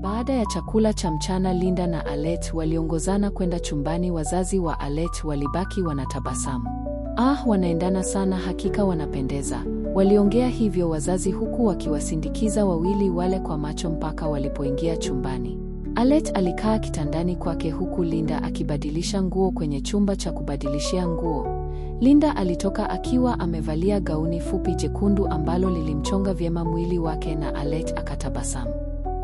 Baada ya chakula cha mchana, Linda na Alet waliongozana kwenda chumbani. Wazazi wa Alet walibaki wanatabasamu. Ah, wanaendana sana, hakika wanapendeza, waliongea hivyo wazazi, huku wakiwasindikiza wawili wale kwa macho mpaka walipoingia chumbani. Alet alikaa kitandani kwake huku Linda akibadilisha nguo kwenye chumba cha kubadilishia nguo. Linda alitoka akiwa amevalia gauni fupi jekundu ambalo lilimchonga vyema mwili wake na Alet akatabasamu.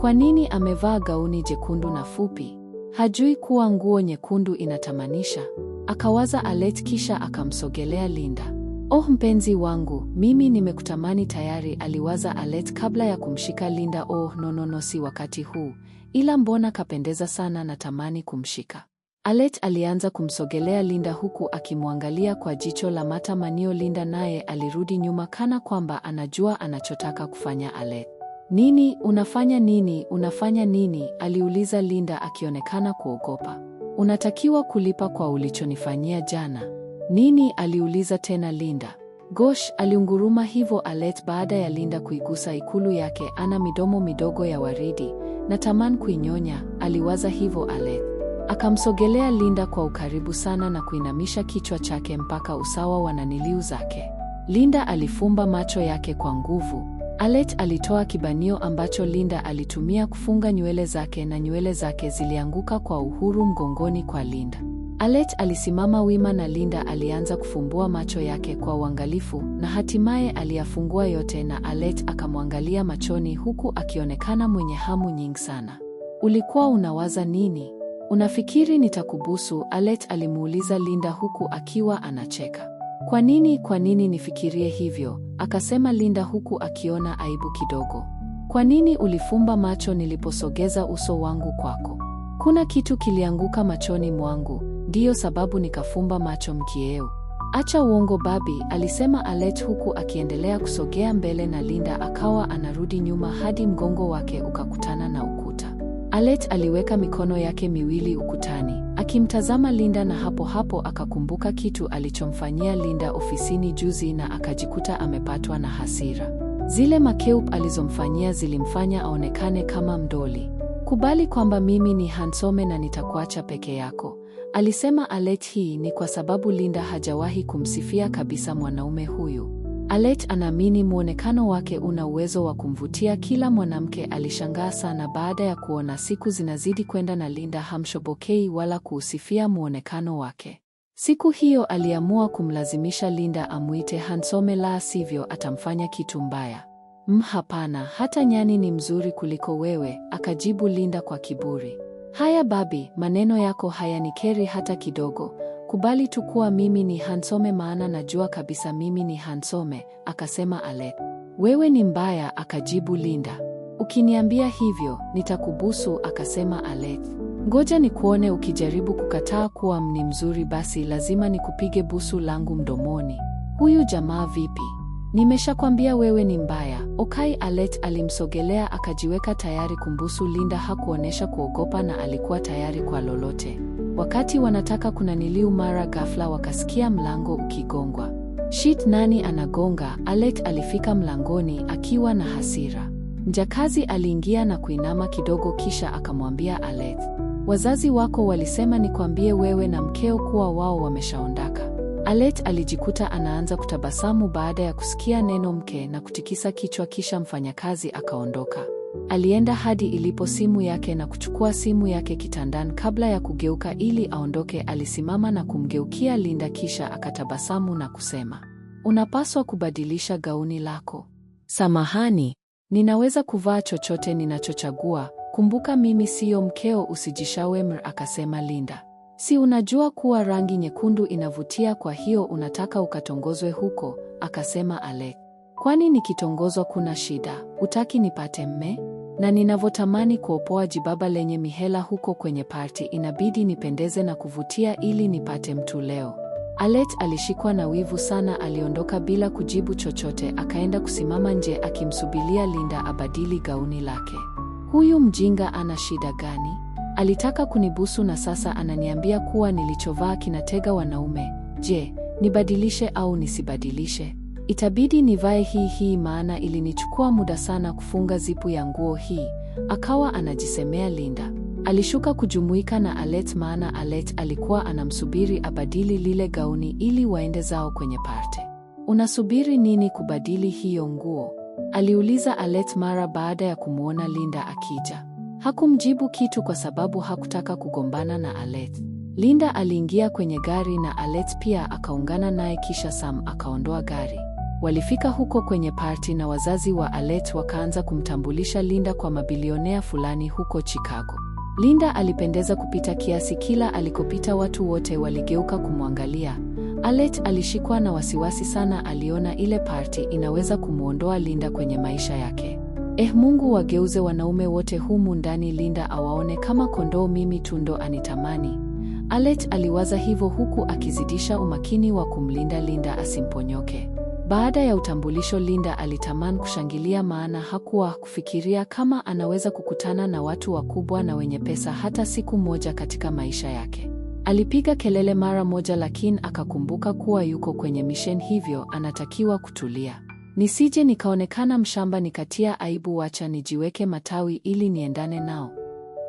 Kwa nini amevaa gauni jekundu na fupi? Hajui kuwa nguo nyekundu inatamanisha, akawaza Alet, kisha akamsogelea Linda. Oh mpenzi wangu, mimi nimekutamani tayari, aliwaza Alet kabla ya kumshika Linda. Oh nonono, si wakati huu, ila mbona kapendeza sana, natamani kumshika. Alet alianza kumsogelea Linda huku akimwangalia kwa jicho la matamanio. Linda naye alirudi nyuma kana kwamba anajua anachotaka kufanya Alet. Nini unafanya nini unafanya nini? aliuliza Linda akionekana kuogopa. Unatakiwa kulipa kwa ulichonifanyia jana. Nini? aliuliza tena Linda. Gosh, aliunguruma hivyo Alet baada ya Linda kuigusa ikulu yake. Ana midomo midogo ya waridi na taman kuinyonya, aliwaza hivyo Alet. Akamsogelea Linda kwa ukaribu sana na kuinamisha kichwa chake mpaka usawa wa naniliu zake. Linda alifumba macho yake kwa nguvu Alet alitoa kibanio ambacho Linda alitumia kufunga nywele zake na nywele zake zilianguka kwa uhuru mgongoni kwa Linda. Alet alisimama wima na Linda alianza kufumbua macho yake kwa uangalifu na hatimaye aliyafungua yote na Alet akamwangalia machoni huku akionekana mwenye hamu nyingi sana. Ulikuwa unawaza nini? Unafikiri nitakubusu? Alet alimuuliza Linda huku akiwa anacheka. Kwa nini, kwa nini nifikirie hivyo? akasema Linda huku akiona aibu kidogo. Kwa nini ulifumba macho niliposogeza uso wangu kwako? Kuna kitu kilianguka machoni mwangu, ndiyo sababu nikafumba macho mkieo. Acha uongo babi, alisema Alet huku akiendelea kusogea mbele na Linda akawa anarudi nyuma hadi mgongo wake ukakutana na ukuta. Alet aliweka mikono yake miwili ukutani akimtazama Linda na hapo hapo akakumbuka kitu alichomfanyia Linda ofisini juzi na akajikuta amepatwa na hasira. Zile makeup alizomfanyia zilimfanya aonekane kama mdoli. Kubali kwamba mimi ni Hansome na nitakuacha peke yako, alisema alet Hii ni kwa sababu Linda hajawahi kumsifia kabisa mwanaume huyu. Alet anaamini muonekano wake una uwezo wa kumvutia kila mwanamke. Alishangaa sana baada ya kuona siku zinazidi kwenda na Linda hamshobokei wala kuusifia muonekano wake. Siku hiyo aliamua kumlazimisha Linda amwite Hansome, la sivyo atamfanya kitu mbaya. M, mm, hapana, hata nyani ni mzuri kuliko wewe, akajibu Linda kwa kiburi. Haya babi, maneno yako hayanikeri hata kidogo. Kubali tu kuwa mimi ni Hansome, maana najua kabisa mimi ni Hansome, akasema Ale. Wewe ni mbaya, akajibu Linda. Ukiniambia hivyo nitakubusu, akasema Ale. Ngoja nikuone ukijaribu kukataa kuwa mni mzuri, basi lazima nikupige busu langu mdomoni. Huyu jamaa vipi? Nimeshakwambia wewe ni mbaya. Okai Alet alimsogelea akajiweka tayari kumbusu Linda. Hakuonesha kuogopa na alikuwa tayari kwa lolote. Wakati wanataka kunaniliu, mara ghafla wakasikia mlango ukigongwa. Shit, nani anagonga? Alet alifika mlangoni akiwa na hasira. Mjakazi aliingia na kuinama kidogo, kisha akamwambia Alet, wazazi wako walisema nikwambie wewe na mkeo kuwa wao wameshaondaka. Alet alijikuta anaanza kutabasamu baada ya kusikia neno mke na kutikisa kichwa, kisha mfanyakazi akaondoka. Alienda hadi ilipo simu yake na kuchukua simu yake kitandani. Kabla ya kugeuka ili aondoke, alisimama na kumgeukia Linda, kisha akatabasamu na kusema, unapaswa kubadilisha gauni lako. Samahani, ninaweza kuvaa chochote ninachochagua. Kumbuka mimi siyo mkeo, usijishawe mr, akasema Linda. Si unajua kuwa rangi nyekundu inavutia, kwa hiyo unataka ukatongozwe huko, akasema Alex. Kwani nikitongozwa kuna shida? Utaki nipate mme? Na ninavyotamani kuopoa jibaba lenye mihela huko kwenye party, inabidi nipendeze na kuvutia ili nipate mtu leo. Alet alishikwa na wivu sana. Aliondoka bila kujibu chochote, akaenda kusimama nje akimsubilia Linda abadili gauni lake. Huyu mjinga ana shida gani? Alitaka kunibusu na sasa ananiambia kuwa nilichovaa kinatega wanaume. Je, nibadilishe au nisibadilishe? Itabidi nivae hii hii maana ilinichukua muda sana kufunga zipu ya nguo hii, akawa anajisemea Linda. Alishuka kujumuika na Alet maana Alet alikuwa anamsubiri abadili lile gauni ili waende zao kwenye parte. Unasubiri nini kubadili hiyo nguo? Aliuliza Alet mara baada ya kumwona Linda akija. Hakumjibu kitu kwa sababu hakutaka kugombana na Alet. Linda aliingia kwenye gari na Alet pia akaungana naye kisha Sam akaondoa gari. Walifika huko kwenye party na wazazi wa Alet wakaanza kumtambulisha Linda kwa mabilionea fulani huko Chicago. Linda alipendeza kupita kiasi, kila alikopita watu wote waligeuka kumwangalia. Alet alishikwa na wasiwasi sana, aliona ile party inaweza kumwondoa Linda kwenye maisha yake. Eh, Mungu wageuze wanaume wote humu ndani, Linda awaone kama kondoo, mimi tu ndo anitamani. Alet aliwaza hivyo huku akizidisha umakini wa kumlinda Linda asimponyoke. Baada ya utambulisho, Linda alitamani kushangilia, maana hakuwa kufikiria kama anaweza kukutana na watu wakubwa na wenye pesa hata siku moja katika maisha yake. Alipiga kelele mara moja, lakini akakumbuka kuwa yuko kwenye mission, hivyo anatakiwa kutulia. Nisije nikaonekana mshamba nikatia aibu, wacha nijiweke matawi ili niendane nao.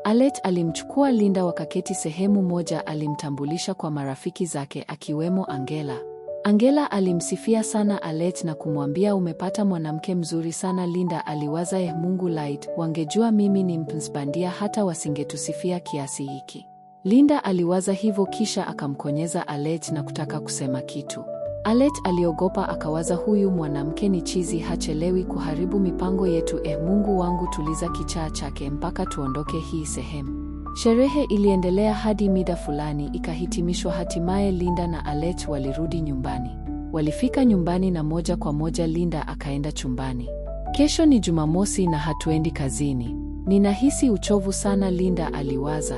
Alet alimchukua Linda wakaketi sehemu moja. Alimtambulisha kwa marafiki zake akiwemo Angela. Angela alimsifia sana alet na kumwambia umepata mwanamke mzuri sana Linda aliwaza eh, Mungu light, wangejua mimi ni mpinsbandia hata wasingetusifia kiasi hiki. Linda aliwaza hivyo kisha akamkonyeza alet na kutaka kusema kitu. alet aliogopa akawaza huyu mwanamke ni chizi hachelewi kuharibu mipango yetu eh, Mungu wangu tuliza kichaa chake mpaka tuondoke hii sehemu. Sherehe iliendelea hadi mida fulani ikahitimishwa. Hatimaye Linda na Alet walirudi nyumbani. Walifika nyumbani na moja kwa moja Linda akaenda chumbani. Kesho ni Jumamosi na hatuendi kazini. Ninahisi uchovu sana, Linda aliwaza.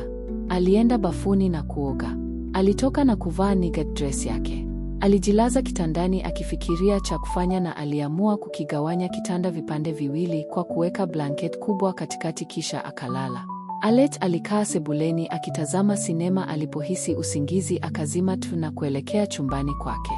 Alienda bafuni na kuoga. Alitoka na kuvaa night dress yake. Alijilaza kitandani akifikiria cha kufanya na aliamua kukigawanya kitanda vipande viwili kwa kuweka blanket kubwa katikati kisha akalala. Alet alikaa sebuleni akitazama sinema. Alipohisi usingizi, akazima tu na kuelekea chumbani kwake.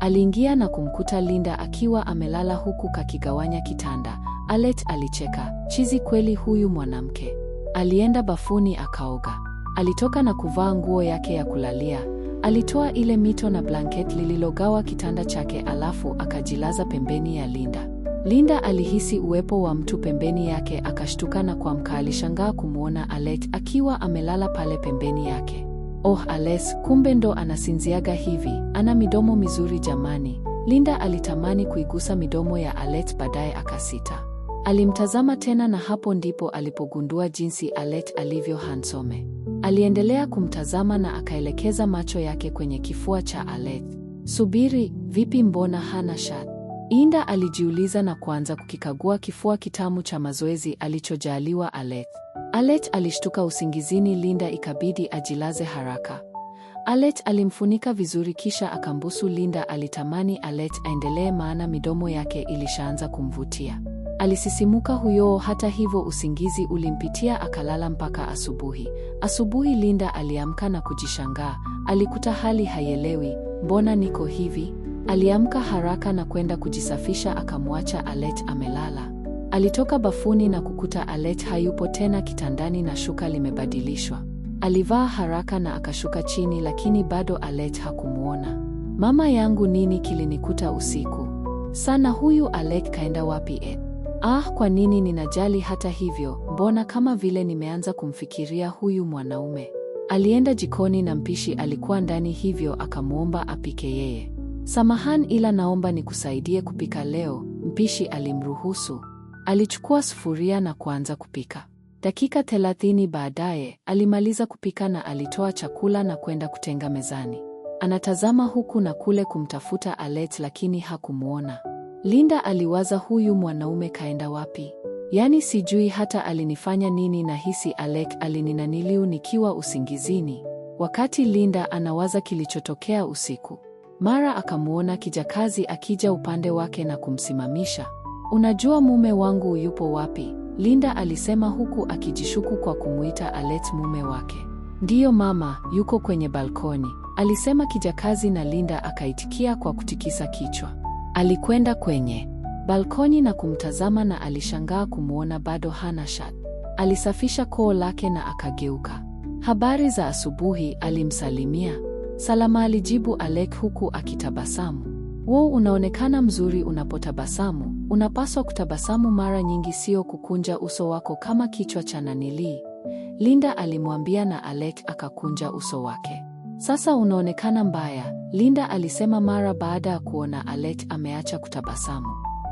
Aliingia na kumkuta Linda akiwa amelala huku kakigawanya kitanda. Alet alicheka, chizi kweli huyu mwanamke. Alienda bafuni akaoga. Alitoka na kuvaa nguo yake ya kulalia. Alitoa ile mito na blanket lililogawa kitanda chake, alafu akajilaza pembeni ya Linda. Linda alihisi uwepo wa mtu pembeni yake akashtuka na kuamka. Alishangaa kumwona Alex akiwa amelala pale pembeni yake. Oh, Alex kumbe ndo anasinziaga hivi, ana midomo mizuri jamani. Linda alitamani kuigusa midomo ya Alex baadaye akasita. Alimtazama tena na hapo ndipo alipogundua jinsi Alex alivyo hansome. Aliendelea kumtazama na akaelekeza macho yake kwenye kifua cha Alex. Subiri, vipi mbona hana shati? Inda alijiuliza na kuanza kukikagua kifua kitamu cha mazoezi alichojaliwa Alet. Alet alishtuka usingizini, Linda ikabidi ajilaze haraka. Alet alimfunika vizuri kisha akambusu Linda. Alitamani Alet aendelee, maana midomo yake ilishaanza kumvutia. Alisisimuka huyo. Hata hivyo, usingizi ulimpitia akalala mpaka asubuhi. Asubuhi Linda aliamka na kujishangaa, alikuta hali haielewi. Mbona niko hivi? Aliamka haraka na kwenda kujisafisha, akamwacha Alet amelala. Alitoka bafuni na kukuta Alet hayupo tena kitandani na shuka limebadilishwa. Alivaa haraka na akashuka chini, lakini bado Alet hakumwona. Mama yangu, nini kilinikuta usiku sana? Huyu Alet kaenda wapi e? Ah, kwa nini ninajali? Hata hivyo, mbona kama vile nimeanza kumfikiria huyu mwanaume. Alienda jikoni na mpishi alikuwa ndani, hivyo akamwomba apike yeye samahan ila naomba nikusaidie kupika leo, mpishi alimruhusu. Alichukua sufuria na kuanza kupika. Dakika thelathini baadaye alimaliza kupika na alitoa chakula na kwenda kutenga mezani. Anatazama huku na kule kumtafuta Alet, lakini hakumwona. Linda aliwaza, huyu mwanaume kaenda wapi? Yaani sijui hata alinifanya nini, na hisi Alec alininaniliu nikiwa usingizini. Wakati Linda anawaza kilichotokea usiku mara akamwona kijakazi akija upande wake na kumsimamisha. Unajua mume wangu yupo wapi? Linda alisema huku akijishuku kwa kumwita Alet mume wake. Ndiyo mama, yuko kwenye balkoni, alisema kijakazi na Linda akaitikia kwa kutikisa kichwa. Alikwenda kwenye balkoni na kumtazama na alishangaa kumwona bado hana shati. Alisafisha koo lake na akageuka. Habari za asubuhi, alimsalimia. Salama alijibu Alec huku akitabasamu. Wo, unaonekana mzuri unapotabasamu. Unapaswa kutabasamu mara nyingi, sio kukunja uso wako kama kichwa cha nanilii, Linda alimwambia, na Alec akakunja uso wake. Sasa unaonekana mbaya, Linda alisema mara baada ya kuona Alec ameacha kutabasamu.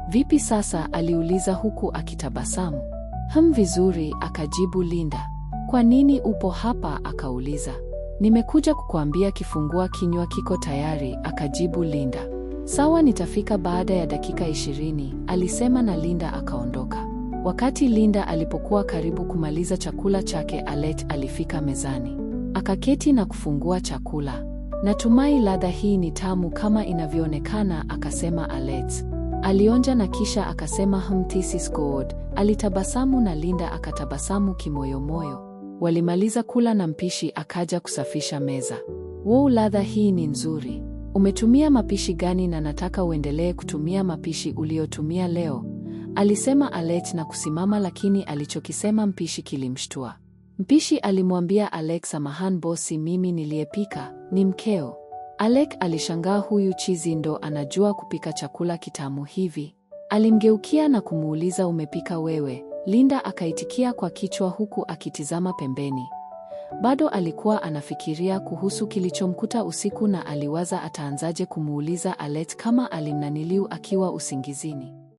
Vipi sasa? aliuliza huku akitabasamu. Hm, vizuri, akajibu Linda. Kwa nini upo hapa? akauliza. Nimekuja kukuambia kifungua kinywa kiko tayari, akajibu Linda. Sawa, nitafika baada ya dakika ishirini, alisema na Linda akaondoka. Wakati Linda alipokuwa karibu kumaliza chakula chake, Alet alifika mezani, akaketi na kufungua chakula. Natumai ladha hii ni tamu kama inavyoonekana, akasema Alet. Alionja na kisha akasema hmm, this is good. Alitabasamu na Linda akatabasamu kimoyomoyo. Walimaliza kula na mpishi akaja kusafisha meza. Wow, ladha hii ni nzuri. Umetumia mapishi gani na nataka uendelee kutumia mapishi uliotumia leo? Alisema Alex na kusimama, lakini alichokisema mpishi kilimshtua. Mpishi alimwambia Alex, samahani bosi, mimi niliyepika ni mkeo. Alex alishangaa, huyu chizi ndo anajua kupika chakula kitamu hivi? Alimgeukia na kumuuliza umepika wewe? Linda akaitikia kwa kichwa huku akitizama pembeni. Bado alikuwa anafikiria kuhusu kilichomkuta usiku na aliwaza ataanzaje kumuuliza Alet kama alimnaniliu akiwa usingizini.